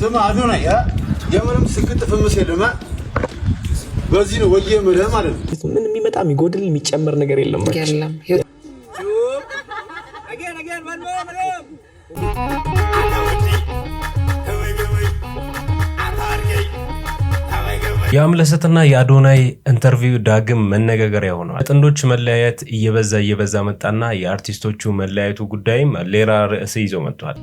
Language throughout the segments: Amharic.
ስማ አዶናይ የምንም ስግጥ ፍምስ የለም። በዚህ ነው ወየ ምልህ ማለት ነው። ምን የሚመጣ የሚጎድል የሚጨመር ነገር የለም። የአምለሰትና የአዶናይ ኢንተርቪው ዳግም መነጋገሪያ ሆኗል። ጥንዶች መለያየት እየበዛ እየበዛ መጣና የአርቲስቶቹ መለያየቱ ጉዳይም ሌላ ርዕስ ይዞ መጥቷል።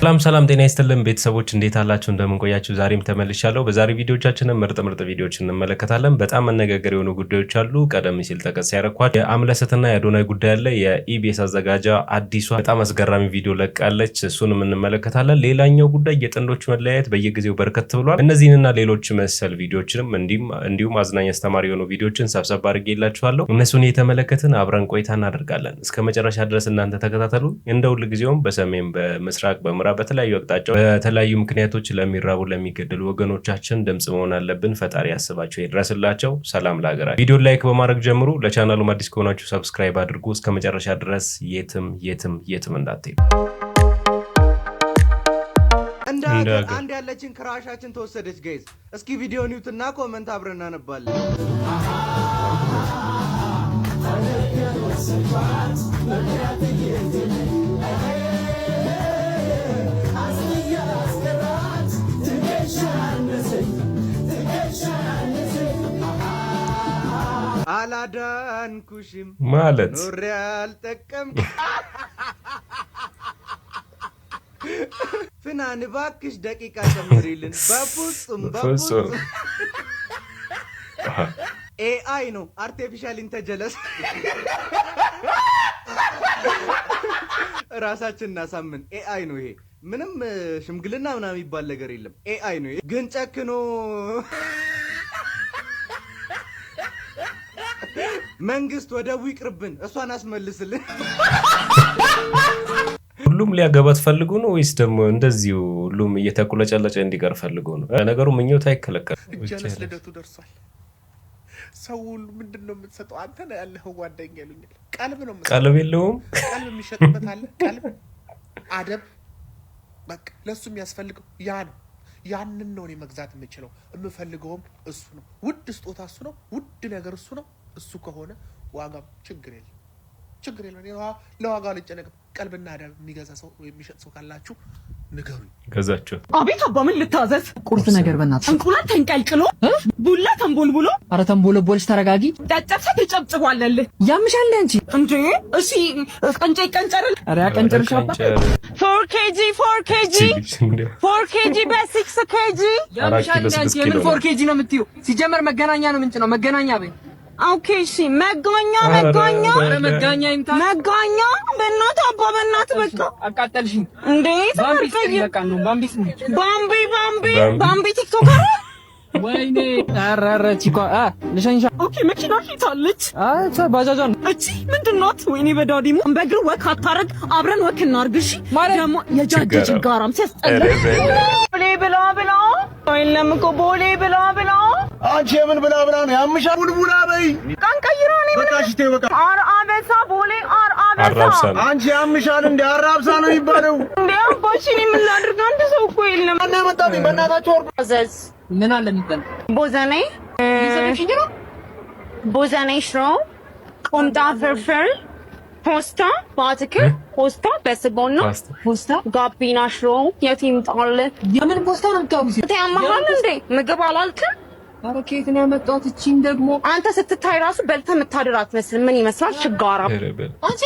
ሰላም ሰላም፣ ጤና ይስጥልን ቤተሰቦች እንዴት አላችሁ? እንደምንቆያችሁ ዛሬም ተመልሻለሁ። በዛሬ ቪዲዮቻችንን ምርጥ ምርጥ ቪዲዮች እንመለከታለን። በጣም መነጋገር የሆኑ ጉዳዮች አሉ። ቀደም ሲል ጠቀስ ያረኳት የአምለሰትና የአዶናይ ጉዳይ አለ። የኢቢኤስ አዘጋጃ አዲሷ በጣም አስገራሚ ቪዲዮ ለቃለች። እሱንም እንመለከታለን። ሌላኛው ጉዳይ የጥንዶች መለያየት በየጊዜው በርከት ብሏል። እነዚህንና ሌሎች መሰል ቪዲዮችንም እንዲሁም አዝናኝ አስተማሪ የሆኑ ቪዲዮችን ሰብሰብ አድርጌላችኋለሁ። እነሱን የተመለከትን አብረን ቆይታ እናደርጋለን። እስከ መጨረሻ ድረስ እናንተ ተከታተሉ። እንደ ጊዜውም በሰሜን በምስራቅ በምራ በማህበራ በተለያዩ አቅጣጫ በተለያዩ ምክንያቶች ለሚራቡ ለሚገደሉ ወገኖቻችን ድምፅ መሆን አለብን። ፈጣሪ ያስባቸው ይድረስላቸው። ሰላም ለሀገራችን። ቪዲዮ ላይክ በማድረግ ጀምሩ። ለቻናሉም አዲስ ከሆናችሁ ሰብስክራይብ አድርጉ። እስከ መጨረሻ ድረስ የትም የትም የትም እንዳትሄዱ። እንደ ሀገር አንድ ያለችን ክራሻችን ተወሰደች። ገይዝ እስኪ ቪዲዮ ኒውት እና ኮመንት አብረን እናነባለን። አላዳንኩሽም ማለት ኖሬ አልጠቀምኩ ፍናን እባክሽ ደቂቃ ጨምሪልን። በፍጹም በፍጹም ኤአይ ነው አርቲፊሻል ኢንተጀለስ ራሳችን እናሳምን። ኤአይ ነው ይሄ። ምንም ሽምግልና ምናምን የሚባል ነገር የለም። ኤአይ ነው ግን ጨክኖ መንግስት ወደቡ ይቅርብን፣ እሷን አስመልስልን። ሁሉም ሊያገባት ፈልጎ ነው ወይስ ደግሞ እንደዚሁ ሁሉም እየተቁለጨለጨ እንዲቀር ፈልጎ ነው? ነገሩ ምኞት አይከለከል። ልደቱ ደርሷል። ሰው ሁሉ ምንድን ነው የምትሰጠው? አንተ ያለኸው ጓደኛ ይሉኛል። ቀልብ ነው ቀልብ የለውም። ቀልብ የሚሸጥበት አለ። ቀልብ አደብ፣ በቃ ለእሱ የሚያስፈልገው ያ ነው። ያንን ነው እኔ መግዛት የምችለው። የምፈልገውም እሱ ነው። ውድ ስጦታ እሱ ነው። ውድ ነገር እሱ ነው። እሱ ከሆነ ዋጋም ችግር የለም፣ ችግር የለም። ለዋጋ ልጨነቅም። ቀልብና አዳም የሚገዛ ሰው የሚሸጥ ሰው ካላችሁ ንገሩኝ። ገዛቸው። አቤት አባ ምን ልታዘዝ? ቁርስ ነገር በእናትሽ። እንቁላል ተንቀልቅሎ፣ ቡላ ተንቦልቡሎ። ኧረ ተንቦለቦልሽ፣ ተረጋጊ። ጨጨብሰ ተጨብጭቧለልህ። ያምሻል እንጂ እንዴ! እሺ ቀንጨ ይቀንጨርል። ኧረ ያቀንጨርሽ አባ። ፎር ኬጂ ፎር ኬጂ ፎር ኬጂ በሲክስ ኬጂ። ያምሻል እንጂ። የምን ፎር ኬጂ ነው የምትዩ? ሲጀመር መገናኛ ነው ምንጭ ነው መገናኛ በይ ኦኬ እሺ፣ መጋኛ መጋኛ መጋኛ ይምታ መጋኛ። በእናትህ አባ፣ በእናትህ በቃ አቃጠልሽኝ እንዴ! ባምቢ ባምቢ ባምቢ ባምቢ ቲክቶከር ወይኔ ኧረ ኧረ ቺኳ አ ልሸኝሻ። ኦኬ መኪና ሂት አለች። አቻ እቺ ምንድናት? ወይኔ በዳዲ በእግር ወክ አታረግ። አብረን ወክ እናርግ። እሺ ደግሞ የጃጀ ችጋራም ሲያስጠላ ቦሌ ብላ ብላ የለም እኮ ቦሌ ብላ ብላ። አንቺ የምን ብላ ብላ ነው ያምሻ? ቡልቡላ በይ ቀን ቀይራ ነው በቃ ሽቴ በቃ አረ አበሳ ቦሌ አራብሳ ነው። አንቺ ያምሻል እንደ አራብሳ ነው የሚባለው። እንደው ቦሽን የምናደርገው አንድ ሰው እኮ የለም። እና መጣብኝ በእናታቸው ወርቁ ዘዝ ምን አለ የሚባል ቦዘኔ ቦዘኔ ሽሮ፣ ቁምጣ ፍርፍር፣ ፖስታ በአትክልት ፖስታ በስጎና ፖስታ ጋቢና ሽሮ የት ይምጣል? የምን ፖስታ ነው የምታውቁት? ታያማሃል እንዴ ምግብ አላልክም? አረኬት ነው ያመጣሁት። እቺን ደግሞ አንተ ስትታይ ራሱ በልተህ የምታድር አትመስልም። ምን ይመስላል? ችጋራ አንቺ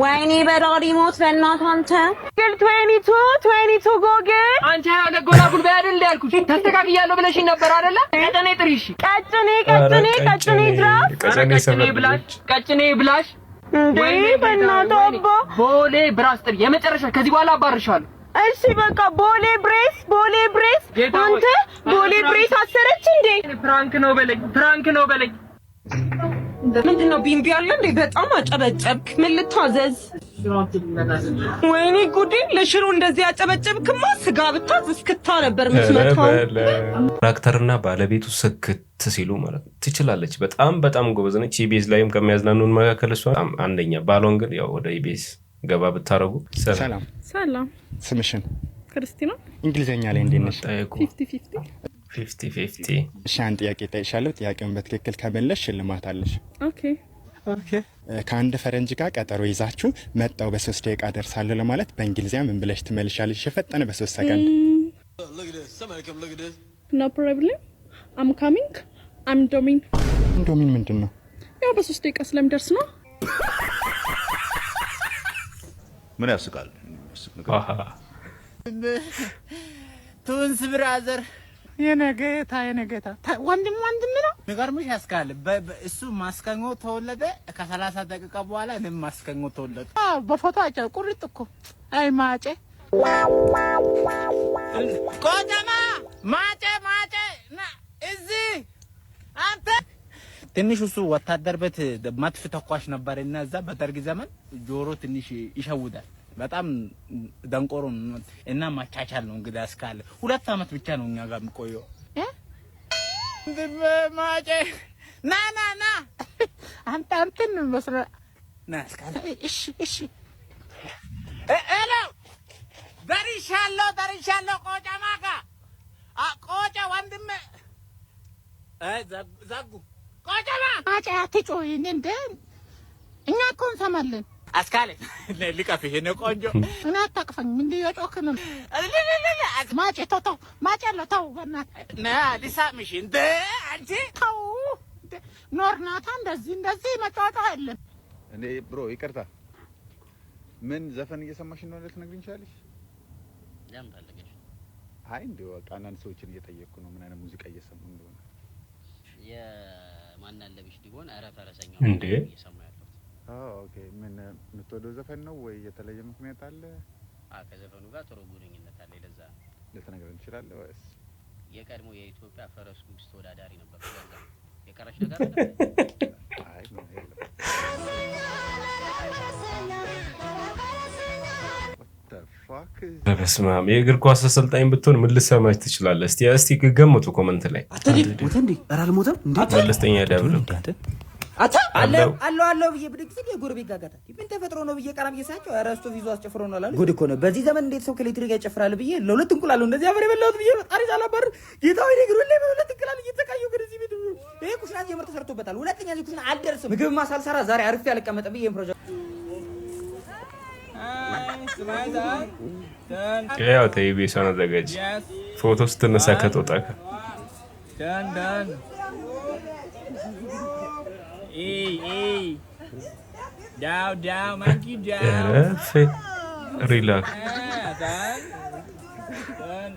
ወይኔ በራሪ ሞት በእናት አንተ ግል ትዌኒ ቱ ትዌኒ ቱ ጎግል አንቺ ያለ ጎላ ጉልበ አይደል ያልኩሽ ተስተካክያለሁ ብለሽ ነበር አይደለ? ቀጭኔ ጥሪሽ ቀጭኔ ቀጭኔ ቀጭኔ ድራፍ ቀጭኔ ብላሽ ቀጭኔ ብላሽ እንዴ በእናት አባ ቦሌ ብራስ ጥሪ የመጨረሻ ከዚህ በኋላ አባርሻለሁ። እሺ በቃ ቦሌ ብሬስ ቦሌ ብሬስ አንተ ቦሌ ብሬስ አሰረች እንዴ? ፍራንክ ነው በለኝ ፍራንክ ነው በለኝ ምንድን ነው ቢምቢ አለ እንዴ? በጣም አጨበጨብክ። ምን ልታዘዝ? ወይኔ ጉዴ! ለሽሮ እንደዚህ ያጨበጨብክማ ስጋ ብታዝ እስክታ ነበር የምትመታው። ትራክተርና ባለቤቱ ስክት ሲሉ ማለት ትችላለች። በጣም በጣም ጎበዝ ነች። ኢቢኤስ ላይም ከሚያዝናኑን መካከል እሷ አንደኛ። ባሏን ግን ያው ወደ ኢቢኤስ ገባ ብታረጉ። ሰላም ሰላም። ስምሽን? ክርስቲና። እንግሊዝኛ ላይ እንዴት ነሽ? ፊፍቲ ፊፍቲ። እሺ አንድ ጥያቄ እጠይቅሻለሁ። ጥያቄውን በትክክል ከመለስሽ ሽልማት አለሽ። ከአንድ ፈረንጅ ጋር ቀጠሮ ይዛችሁ መጣው በሶስት ደቂቃ ደርሳለሁ ለማለት በእንግሊዝኛ ምን ብለሽ ትመልሻለሽ? የፈጠነ በሶስት ሰከንድ። ኖ ፕሮብሌም አም ካሚንግ አም ዶሚን። ዶሚን ምንድን ነው? ያው በሶስት ደቂቃ ስለምደርስ ነው። ምን ያስቃል? ቱንስ ብራዘር የነገታ የነገታ ወንድም ወንድም ነው። የሚገርምሽ ያስካል እሱ ማስከኞ ተወለደ። ከሰላሳ ደቂቃ በኋላ እኔም ማስከኞ ተወለደ። በፎቶ አጭር ቁርጥ እኮ አይ ማጨ ቆተማ ማጨ ማጨ እዚ አንተ ትንሽ እሱ ወታደር ቤት መጥፍ ተኳሽ ነበር እና እዛ በደርግ ዘመን ጆሮ ትንሽ ይሸውዳል በጣም ደንቆሮ እና ማቻቻል ነው። እንግዲህ አስካለ ሁለት አመት ብቻ ነው እኛ ጋር የሚቆየው። ና ና ና አንተ አንተን መስራ ና አስካለ። እሺ፣ እሺ ሄሎ ደርሻለሁ፣ ደርሻለሁ ቆጫ ማጋ ቆጫ ወንድሜ ዘጉ ቆጫ ማ ማጫ አትጮህ እንደ እኛ እኮ እንሰማለን አስካለኝ ልቀፍ ይሄን ቆንጆ እና አታቅፈኝ ምንድን ሊወጮክ ነው ማጭ ተው ተው ማጭ ያለው ተው በእናትህ ና ሊሳምሽ እንደ አንቺ ተው ኖርናታ እንደዚህ እንደዚህ መጫወጫ የለም እኔ ብሮ ይቅርታ ምን ዘፈን እየሰማሽ ነው ልትነግሪኝ ቻለሽ ለምን ፈለገሽ አይ እንደው በቃ አንዳንድ ሰዎችን እየጠየቅኩ ነው ምን አይነት ሙዚቃ እየሰሙ እንደሆነ የማናለብሽ ሊሆን ኧረ ፈረሰኛው እንዴ ኦኬ። ምን የምትወደው ዘፈን ነው ወይ የተለየ ምክንያት አለ? ከዘፈኑ ጋር ጥሩ ጉንኝነት አለ። ለዛ ልትነግረን ትችላለህ ወይስ? የቀድሞ የኢትዮጵያ ፈረስ ጉግስ ተወዳዳሪ ነበር። ለዛ የቀረች በስመ አብ የእግር ኳስ አሰልጣኝ ብትሆን ምን ልትሰማች ትችላለህ? እስቲ እስቲ ገምቱ ኮመንት ላይ አታ አለው አለው ነው ብዬ ቀራም እየሳቸው ረስቶ ጉድ እኮ ነው በዚህ ዘመን። እንዴት ሰው ከኤሌክትሪክ ጋር ይጨፍራል ብዬ ለሁለት እንቁላሉ እንደዚህ አፈር የበላሁት ብዬ ጣሪ ሳላባር ጌታ ወይ ነግሩ ላይ ለሁለት እንቁላሉ እየተቃዩ ግን እዚህ ምድር ይሄ ኩሽና ጀምር ተሰርቶበታል። ሁለተኛ እዚህ ኩሽና አልደርስም። ምግብ ማሳልሰራ ዛሬ አርፌ አልቀመጠ ብዬ ፕሮጀክት ያው ተይ ቤቷን አዘጋጅ ፎቶ ስትነሳ ከጦጣ Ei, ei. Down, down, monkey down. Relax, Relax. Ah, done. Done.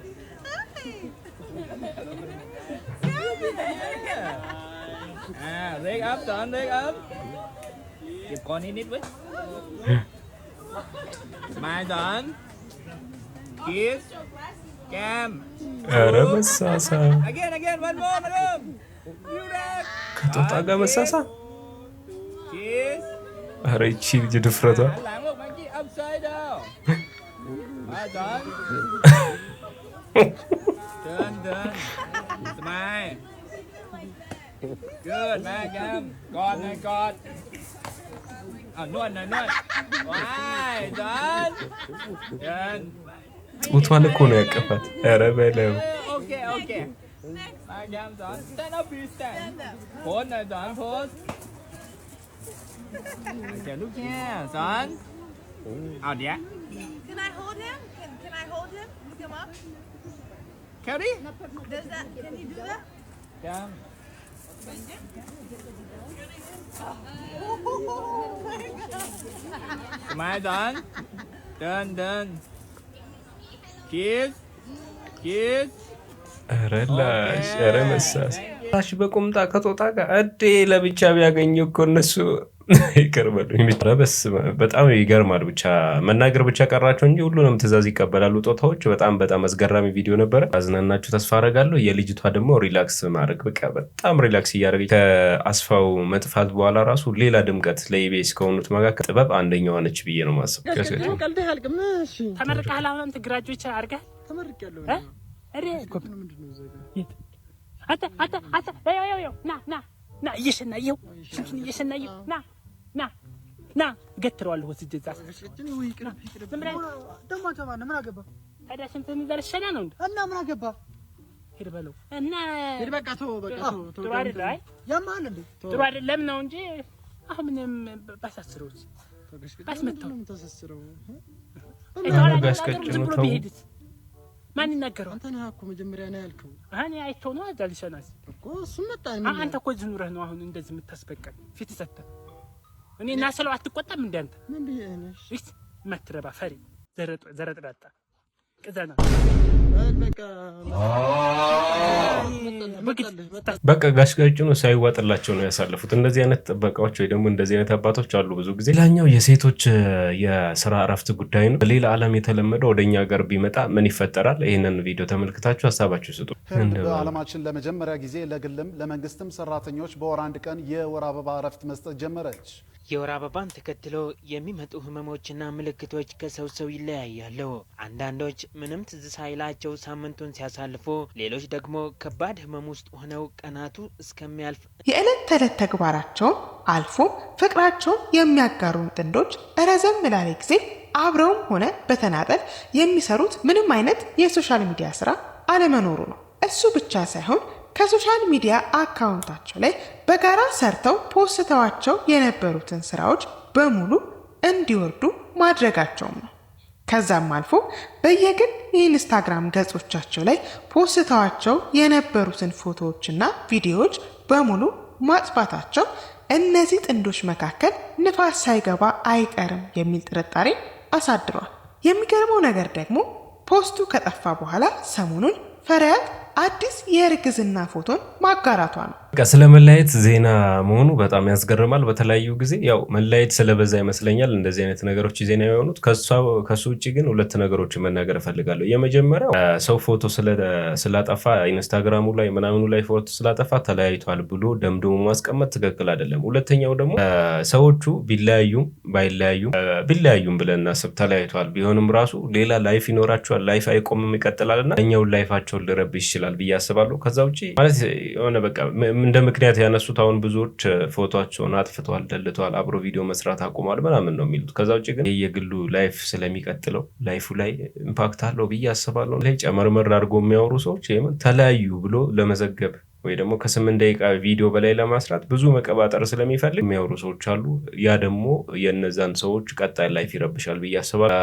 Ah, leg up, done, leg up. เก็บก้อนนิดๆเว้ย Smile don, Kiss. Cam. Arab sasa. Again, again, one more, madam. ኧረ ይቺ ልጅ ድፍረቷ ጡቷን እኮ ነው ያቀፋት። ኧረ በለው ማርያም Chào Đức Oh yeah. Can I hold him? Can, can I hold him? Look him up. Cody? Does that, can he do that? Yeah. Oh my god. Am I done? Done, done. Kiss. Kiss. ኧረ ላሽ ኧረ መሳሳሽ በቁምጣ ከጦጣ ጋር እዴ ለብቻ ቢያገኘው እኮ እነሱ ይቀርበሉ። በጣም ይገርማል። ብቻ መናገር ብቻ ቀራቸው እንጂ ሁሉንም ትዕዛዝ ይቀበላሉ ጦታዎች። በጣም በጣም አስገራሚ ቪዲዮ ነበረ። አዝናናችሁ ተስፋ አረጋለሁ። የልጅቷ ደግሞ ሪላክስ ማድረግ በቃ በጣም ሪላክስ እያደረገ ከአስፋው መጥፋት በኋላ ራሱ ሌላ ድምቀት ለኢቢኤስ ከሆኑት መካከል ጥበብ አንደኛዋ ነች ብዬ ነው ማሰብ። እየሸናየው ሽንቱን እየሸናየው ና ና ና እገትረዋለሁ ወስጄ እዛ ነው እና ምን አገባ ሄድ በለው እና ሄድ በቃ ተው በቃ ተው ተው ጥሩ አይደለ አይ ያማል እንዴ ጥሩ አይደለም ነው እንጂ አሁን ምንም ባሳስረው ባስመታው ማን ይናገረው አንተ ነህ ነው አሁን እንደዚህ የምታስበቀል ፊት ሰተህ እኔ እና ስለው አትቆጣም እንዳንተ ምን ብዬሽ ነሽ? መትረባ ፈሪ ዘረጥ ዘረጥ ዳጣ በቃ ጋሽ ጋጭኑ ሳይዋጥላቸው ነው ያሳለፉት። እንደዚህ አይነት ጥበቃዎች ወይ ደግሞ እንደዚህ አይነት አባቶች አሉ ብዙ ጊዜ። ሌላኛው የሴቶች የስራ እረፍት ጉዳይ ነው። ሌላ ዓለም የተለመደ ወደ እኛ ሀገር ቢመጣ ምን ይፈጠራል? ይህንን ቪዲዮ ተመልክታችሁ ሀሳባችሁ ስጡ። በዓለማችን ለመጀመሪያ ጊዜ ለግልም ለመንግስትም ሰራተኞች በወር አንድ ቀን የወር አበባ እረፍት መስጠት ጀመረች። የወር አበባን ተከትሎ የሚመጡ ህመሞችና ምልክቶች ከሰው ሰው ይለያያሉ። አንዳንዶች ምንም ትዝ ሳይላቸው ሳምንቱን ሲያሳልፉ፣ ሌሎች ደግሞ ከባድ ህመም ውስጥ ሆነው ቀናቱ እስከሚያልፍ የዕለት ተዕለት ተግባራቸውን አልፎ ፍቅራቸውን የሚያጋሩን ጥንዶች ረዘም ላለ ጊዜ አብረውም ሆነ በተናጠል የሚሰሩት ምንም አይነት የሶሻል ሚዲያ ስራ አለመኖሩ ነው። እሱ ብቻ ሳይሆን ከሶሻል ሚዲያ አካውንታቸው ላይ በጋራ ሰርተው ፖስተዋቸው የነበሩትን ስራዎች በሙሉ እንዲወርዱ ማድረጋቸውም ነው። ከዛም አልፎ በየግል የኢንስታግራም ገጾቻቸው ላይ ፖስተዋቸው የነበሩትን ፎቶዎችና ቪዲዮዎች በሙሉ ማጥፋታቸው እነዚህ ጥንዶች መካከል ንፋስ ሳይገባ አይቀርም የሚል ጥርጣሬ አሳድሯል። የሚገርመው ነገር ደግሞ ፖስቱ ከጠፋ በኋላ ሰሞኑን ፈሪያት አዲስ የእርግዝና ፎቶን ማጋራቷ ነው። ስለ መለያየት ዜና መሆኑ በጣም ያስገርማል። በተለያዩ ጊዜ ያው መለያየት ስለበዛ ይመስለኛል እንደዚህ አይነት ነገሮች ዜና የሆኑት። ከሱ ውጭ ግን ሁለት ነገሮችን መናገር እፈልጋለሁ። የመጀመሪያው ሰው ፎቶ ስላጠፋ ኢንስታግራሙ ላይ ምናምኑ ላይ ፎቶ ስላጠፋ ተለያይቷል ብሎ ደምድሞ ማስቀመጥ ትክክል አይደለም። ሁለተኛው ደግሞ ሰዎቹ ቢለያዩም ባይለያዩም ቢለያዩም ብለን እናስብ። ተለያይቷል ቢሆንም ራሱ ሌላ ላይፍ ይኖራቸዋል። ላይፍ አይቆምም ይቀጥላል እና እኛውን ላይፋቸውን ልረብ ይችላል ብዬ አስባለሁ። ከዛ ውጭ ማለት የሆነ በቃ እንደ ምክንያት ያነሱት አሁን ብዙዎች ፎቶቸውን አጥፍተዋል፣ ደልተዋል፣ አብሮ ቪዲዮ መስራት አቁሟል ምናምን ነው የሚሉት። ከዛ ውጭ ግን የግሉ ላይፍ ስለሚቀጥለው ላይፉ ላይ ኢምፓክት አለው ብዬ አስባለሁ። ላይ ጨመርመር አድርጎ የሚያወሩ ሰዎች ይህምን ተለያዩ ብሎ ለመዘገብ ወይ ደግሞ ከስምንት ደቂቃ ቪዲዮ በላይ ለማስራት ብዙ መቀባጠር ስለሚፈልግ የሚያወሩ ሰዎች አሉ። ያ ደግሞ የእነዛን ሰዎች ቀጣይ ላይፍ ይረብሻል ብዬ አስባለሁ።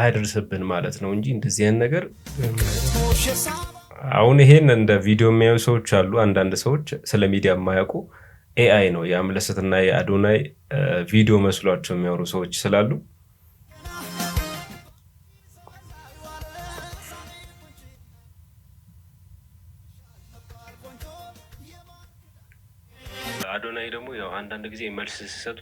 አያደርስብን ማለት ነው እንጂ እንደዚህ ነገር አሁን ይሄን እንደ ቪዲዮ የሚያዩ ሰዎች አሉ። አንዳንድ ሰዎች ስለ ሚዲያ የማያውቁ ኤአይ ነው የአምለሰትና የአዶናይ ቪዲዮ መስሏቸው የሚያወሩ ሰዎች ስላሉ አዶናይ ደግሞ ያው አንዳንድ ጊዜ መልስ ሲሰጡ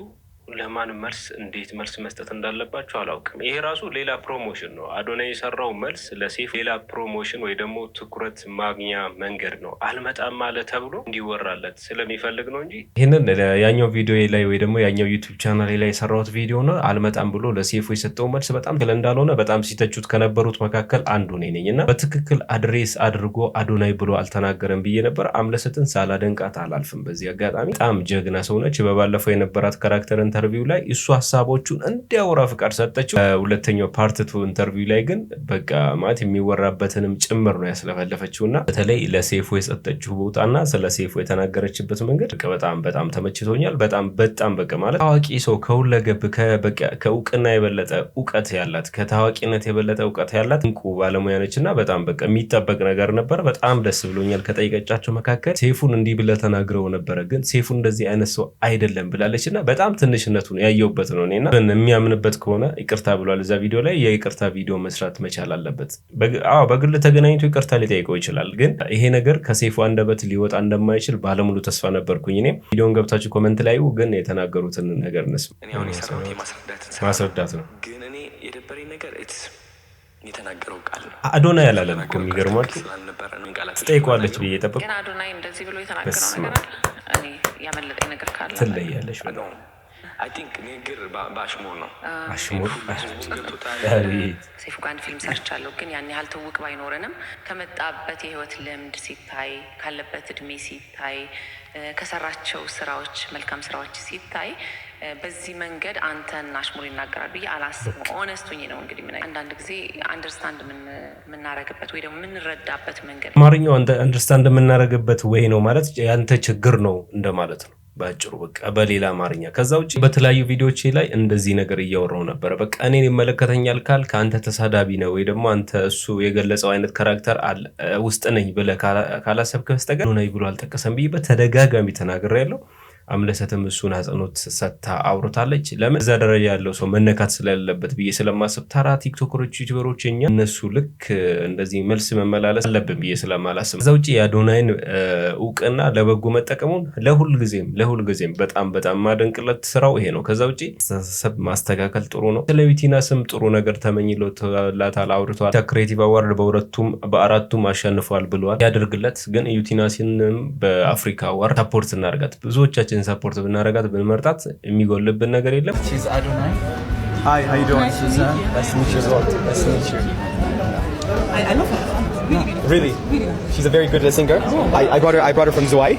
ለማን መልስ እንዴት መልስ መስጠት እንዳለባቸው አላውቅም። ይሄ ራሱ ሌላ ፕሮሞሽን ነው። አዶናይ የሰራው መልስ ለሴፍ ሌላ ፕሮሞሽን ወይ ደግሞ ትኩረት ማግኛ መንገድ ነው። አልመጣም አለ ተብሎ እንዲወራለት ስለሚፈልግ ነው እንጂ ይህንን ያኛው ቪዲዮ ላይ ወይ ደግሞ ያኛው ዩቱብ ቻናል ላይ የሰራሁት ቪዲዮ ነው አልመጣም ብሎ ለሴፎ የሰጠው መልስ በጣም ትክክል እንዳልሆነ በጣም ሲተቹት ከነበሩት መካከል አንዱ እኔ ነኝ እና በትክክል አድሬስ አድርጎ አዶናይ ብሎ አልተናገረም ብዬ ነበር። አምለሰትን ሳላደንቃት አላልፍም። በዚህ አጋጣሚ በጣም ጀግና ሰውነች። በባለፈው የነበራት ካራክተርን ኢንተርቪው ላይ እሱ ሀሳቦቹን እንዲያወራ ፍቃድ ሰጠችው። ሁለተኛው ቱ ኢንተርቪው ላይ ግን በቃ ማለት የሚወራበትንም ጭምር ነው ያስለፈለፈችው እና በተለይ ለሴፎ የሰጠችው ቦታና ስለ ሴፎ የተናገረችበት መንገድ በጣም በጣም ተመችቶኛል። በጣም በጣም በቃ ማለት ታዋቂ ሰው ከሁለገብ ከእውቅና የበለጠ እውቀት ያላት ከታዋቂነት የበለጠ እውቀት ያላት እንቁ ባለሙያ ነች እና በጣም በቃ የሚጠበቅ ነገር ነበር። በጣም ደስ ብሎኛል። ከጠይቀቻቸው መካከል ሴፉን እንዲህ ብለ ተናግረው ነበረ፣ ግን ሴፉን እንደዚህ አይነት ሰው አይደለም ብላለች እና በጣም ትንሽ ትንሽነቱን ያየውበት ነው እኔና የሚያምንበት ከሆነ ይቅርታ ብሏል። እዛ ቪዲዮ ላይ የይቅርታ ቪዲዮ መስራት መቻል አለበት። በግል ተገናኝቶ ይቅርታ ሊጠይቀው ይችላል። ግን ይሄ ነገር ከሴፉ አንደበት ሊወጣ እንደማይችል ባለሙሉ ተስፋ ነበርኩኝ። እኔ ቪዲዮን ገብታችሁ ኮመንት ላይ ግን የተናገሩትን ነገር ነስ ማስረዳት ነው የተናገረው ቃል ነው። አዶናይ አላለም እኮ የሚገርማችሁ ትጠይቀዋለች ብዬ ጠበቅ ትለያለች። አይ ቲንክ ንግግር በአሽሙር ነው። ሰይፉ ጋር አንድ ፊልም ሰርቻለሁ፣ ግን ያን ያህል ትውቅ ባይኖረንም ከመጣበት የህይወት ልምድ ሲታይ፣ ካለበት እድሜ ሲታይ፣ ከሰራቸው ስራዎች መልካም ስራዎች ሲታይ በዚህ መንገድ አንተን አሽሙር ይናገራል ብዬ አላስብም። ነው እንግዲህ ምን አንዳንድ ጊዜ አንደርስታንድ የምናረግበት ወይ ደግሞ የምንረዳበት መንገድ አማርኛው አንደርስታንድ የምናረግበት ወይ ነው ማለት የአንተ ችግር ነው እንደማለት ነው። በአጭሩ በቃ በሌላ አማርኛ። ከዛ ውጭ በተለያዩ ቪዲዮዎች ላይ እንደዚህ ነገር እያወራው ነበረ። በቃ እኔን ይመለከተኛል ካል ከአንተ ተሳዳቢ ነው ወይ ደግሞ አንተ እሱ የገለጸው አይነት ካራክተር ውስጥ ነኝ ብለህ ካላሰብክ በስተቀር ሆነ ብሎ አልጠቀሰም ብዬ በተደጋጋሚ ተናግሬያለሁ። አምለሰትም እሱን አጽንኦት ሰጥታ አውርታለች። ለምን እዛ ደረጃ ያለው ሰው መነካት ስለሌለበት ብዬ ስለማስብ ተራ ቲክቶከሮች፣ ዩቲበሮች እኛ እነሱ ልክ እንደዚህ መልስ መመላለስ አለብን ብዬ ስለማላስብ እዛ ውጭ የአዶናይን እውቅና ለበጎ መጠቀሙን ለሁል ጊዜም ለሁል ጊዜም በጣም በጣም ማደንቅለት ስራው ይሄ ነው። ከዛ ውጭ አስተሳሰብ ማስተካከል ጥሩ ነው። ስለቪቲና ስም ጥሩ ነገር ተመኝሎላታል፣ አውርተዋል። ክሬቲቭ አዋርድ በሁለቱም በአራቱም አሸንፏል ብለዋል። ያደርግለት ግን ዩቲናሲንም በአፍሪካ አዋርድ ሰፖርት እናርጋት ብዙዎቻችን ሁላችንን ሰፖርት ብናረጋት ብንመርጣት የሚጎልብን ነገር የለም። Really? She's a very good singer. Oh. I, brought her. I brought her from Zawai,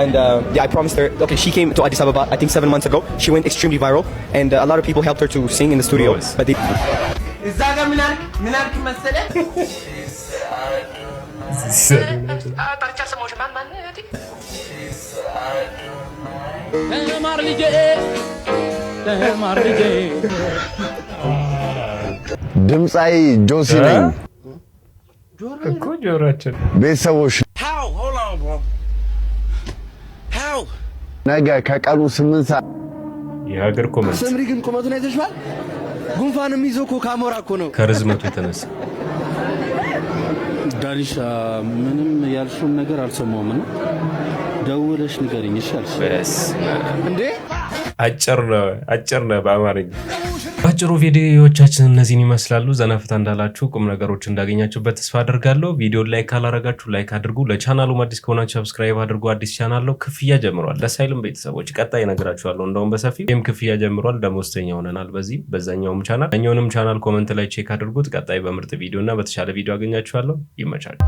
and uh, yeah, I promised her. Okay, she came to Addis Ababa. I think seven months ago. She went extremely viral, and uh, a lot of people helped her to sing in the studio. But they. ተማር ልጄ ተማር ልጄ። ድምፃዊ ጆሲ ነኝ እኮ ጆሮአችን ቤተሰቦች ነገ ከቀኑ ስምንት ሰዓት የሀገር ኮመንት ሰምሪ ግን ቁመቱን አይተሽዋል። ጉንፋንም ይዞ እኮ ካሞራ እኮ ነው ከርዝመቱ የተነሳ ዳሊሻ ምንም ያልሽውን ነገር አልሰማሁም ነው። ደውለሽ ንገርኝ ይሻልሽ። እንዴ አጭር ነው፣ አጭር ነው በአማርኛ አጫጭሩ ቪዲዮዎቻችን እነዚህን ይመስላሉ። ዘናፍታ እንዳላችሁ ቁም ነገሮች እንዳገኛችሁበት ተስፋ አድርጋለሁ። ቪዲዮ ላይክ ካላረጋችሁ ላይክ አድርጉ። ለቻናሉም አዲስ ከሆናችሁ ሰብስክራይብ አድርጉ። አዲስ ቻናል ክፍያ ጀምሯል። ለሳይልም ቤተሰቦች? ቀጣይ እነግራችኋለሁ። እንደውም በሰፊ ይህም ክፍያ ጀምሯል። ደሞዝተኛ ሆነናል። በዚህ በዛኛውም ቻናል ኛውንም ቻናል ኮመንት ላይ ቼክ አድርጉት። ቀጣይ በምርጥ ቪዲዮ እና በተሻለ ቪዲዮ አገኛችኋለሁ። ይመቻል።